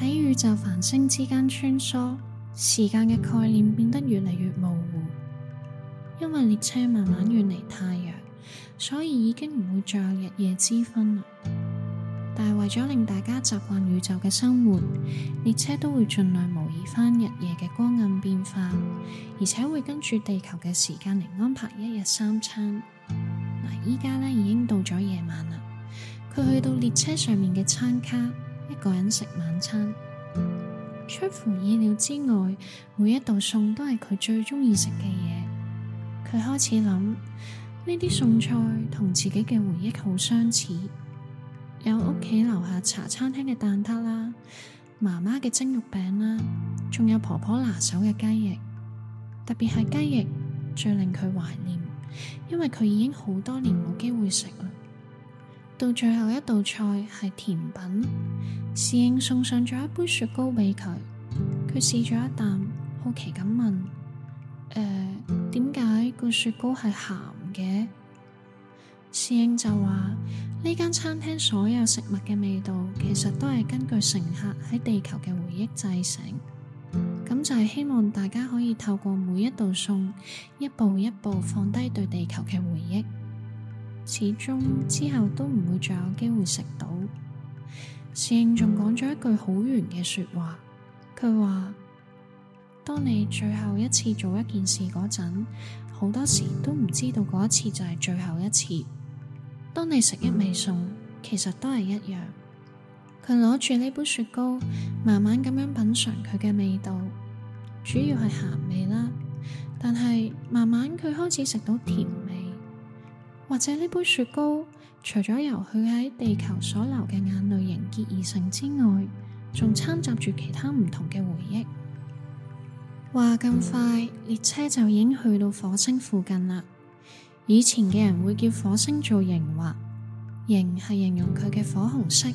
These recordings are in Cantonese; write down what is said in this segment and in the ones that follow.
喺宇宙繁星之間穿梭，時間嘅概念變得越嚟越模糊。因為列車慢慢遠離太陽，所以已經唔會再有日夜之分啦。但係為咗令大家習慣宇宙嘅生活，列車都會盡量模擬翻日夜嘅光暗變化，而且會跟住地球嘅時間嚟安排一日三餐。嗱，依家咧已經到咗夜晚啦，佢去到列車上面嘅餐卡。個人食晚餐，出乎意料之外，每一道餸都係佢最中意食嘅嘢。佢開始諗呢啲餸菜，同自己嘅回憶好相似，有屋企樓下茶餐廳嘅蛋撻啦，媽媽嘅蒸肉餅啦，仲有婆婆拿手嘅雞翼。特別係雞翼，最令佢懷念，因為佢已經好多年冇機會食啦。到最後一道菜係甜品，侍應送上咗一杯雪糕俾佢，佢試咗一啖，好奇咁問：誒點解個雪糕係鹹嘅？侍應就話：呢間餐廳所有食物嘅味道，其實都係根據乘客喺地球嘅回憶製成，咁就係希望大家可以透過每一道餸，一步一步放低對地球嘅回憶。始終之後都唔會再有機會食到。侍應仲講咗一句好圓嘅說話，佢話：當你最後一次做一件事嗰陣，好多時都唔知道嗰一次就係最後一次。當你食一味餸，其實都係一樣。佢攞住呢杯雪糕，慢慢咁樣品嘗佢嘅味道，主要係鹹味啦，但係慢慢佢開始食到甜味。或者呢杯雪糕，除咗由佢喺地球所流嘅眼淚凝結而成之外，仲摻雜住其他唔同嘅回憶。話咁快，列車就已經去到火星附近啦。以前嘅人會叫火星做熒惑，熒係形容佢嘅火紅色；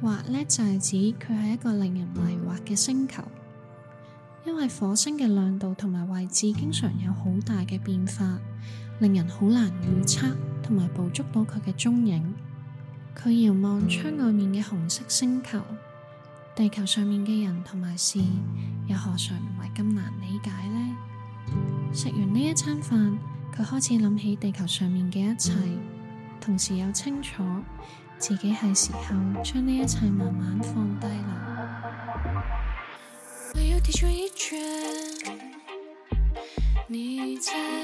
惑呢就係、是、指佢係一個令人迷惑嘅星球。因為火星嘅亮度同埋位置經常有好大嘅變化。令人好難預測同埋捕捉到佢嘅蹤影。佢遙望窗外面嘅紅色星球，地球上面嘅人同埋事又何嘗唔係咁難理解呢？食完呢一餐飯，佢開始諗起地球上面嘅一切，同時又清楚自己係時候將呢一切慢慢放低啦。